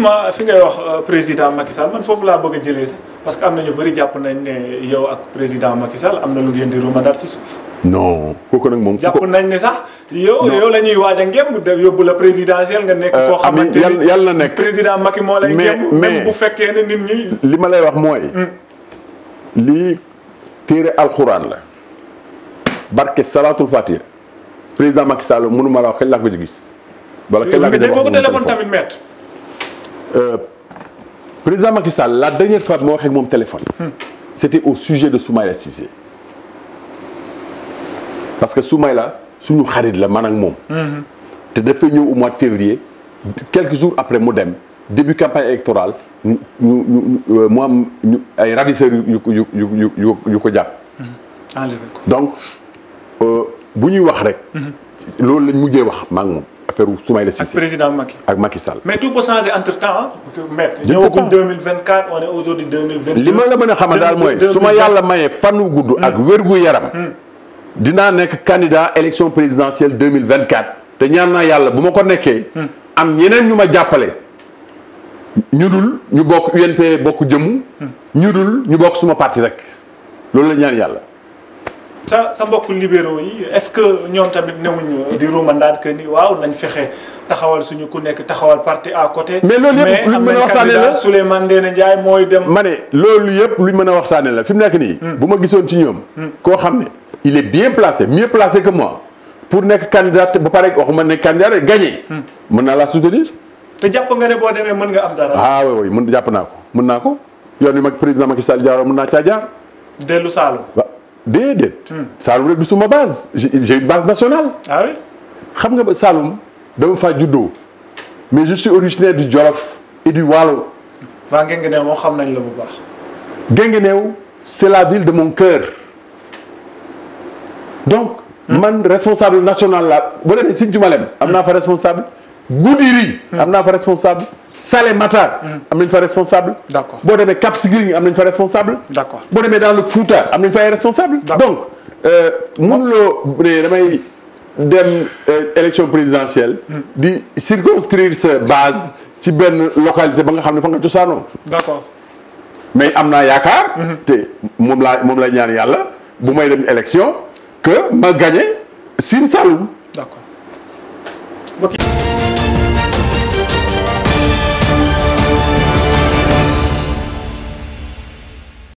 ma fi ngay wax euh, président Macky Sall man foofu laa bëgg a jëlee sax parce que am na ñu nañ yow ak président Macky Sall am lu ngeen di rumandaat si suuf. non kooku nag moom. jàpp nañ ne sax yow yow la ñuy waaj a ngémb de yóbbu la présidentielle nga nekk. Euh, koo xamante président Macky moo lay. ngémb même bu fekkee ne nit ñi. li ma lay wax mooy. Hmm. lii téere alxuraan la. barke salaatul fatiha président Macky Sall mënu ma la wax kañ ko gis. wala kañ ko gis téléphone tamit Euh, président Macky Sall la dernière fois que moi ak téléphone. c'était au sujet de Soumaïla Cissé parce que Soumaïla si nous la man ak mm-hmm. te au mois de février quelques jours après modem, début campagne électorale ñu ñu ñu euh, donc. bu ñuy wax rek. loolu lañ mujjee wax maa ngi moom affaire su Cissé. ak président Macky ak Macky Sall. mais tout entre temps. je ne sais pas ñëwagum 2024 on est aujourd'hui 2022. li ma la mën a xamal daal mooy su ma yàlla mayee fanu gudd. ak hmm. wérgu yaram. Hmm. dinaa nekk candidat élection présidentielle 2024. te ñaan naa yàlla bu ma ko nekkee. Hmm. am ñeneen ñu ma jàppale. ñu dul ñu bokk UNP bokk jëmm. ñu dul ñu bokk suma parti rek. loolu la ñaan yàlla. sa sa mbokk libéraux yi est-ce que ñoom tamit newuñu di rumandaan que ni waaw nañ fexe taxawal suñu ku nekk taxawal parti à côté. mais loolu yëpp luñ mën a waxtaanee la Souleymane Ndéné Ndiaye mooy dem. ma ne loolu yëpp luñ mën a wax waxtaanee la fi mu nekk nii. Hmm. bu ma gisoon ci ñoom. Hmm. koo xam ne il est bien placé mieux placé que moi pour nekk candidat ba pare waxuma ne candidat rek gagné. Hmm. mën naa laa soutenir. te jàpp nga ne boo demee mën nga am dara. ah mën jàpp naa ko mën naa ko yoon wi mag président Macky Sall mën naa caa jaar. dellu Saalum. déedéet. Hmm. Saloum rek du ma base j'ai une base nationale. ah oui xam nga ba je dama faa mais je suis originaire du Jolof et du Walo. waa Guinguinéo moo la bu baax. c'est la ville de mon cœur donc. Hmm. man responsable national la boo demee Sinthiou responsable. Goudiri je suis fa responsable. Hmm. Salé Matar. Hmm. am responsable. D'accord. Si responsable. D'accord. Si dans le Fouta am responsable. donc euh, damay euh, élection présidentielle. Hmm. di circonscrire sa base ci benn localité ba nga xam fa mais am naa hmm. te moom laa la ñaan élection que ma gagné Sine D'accord.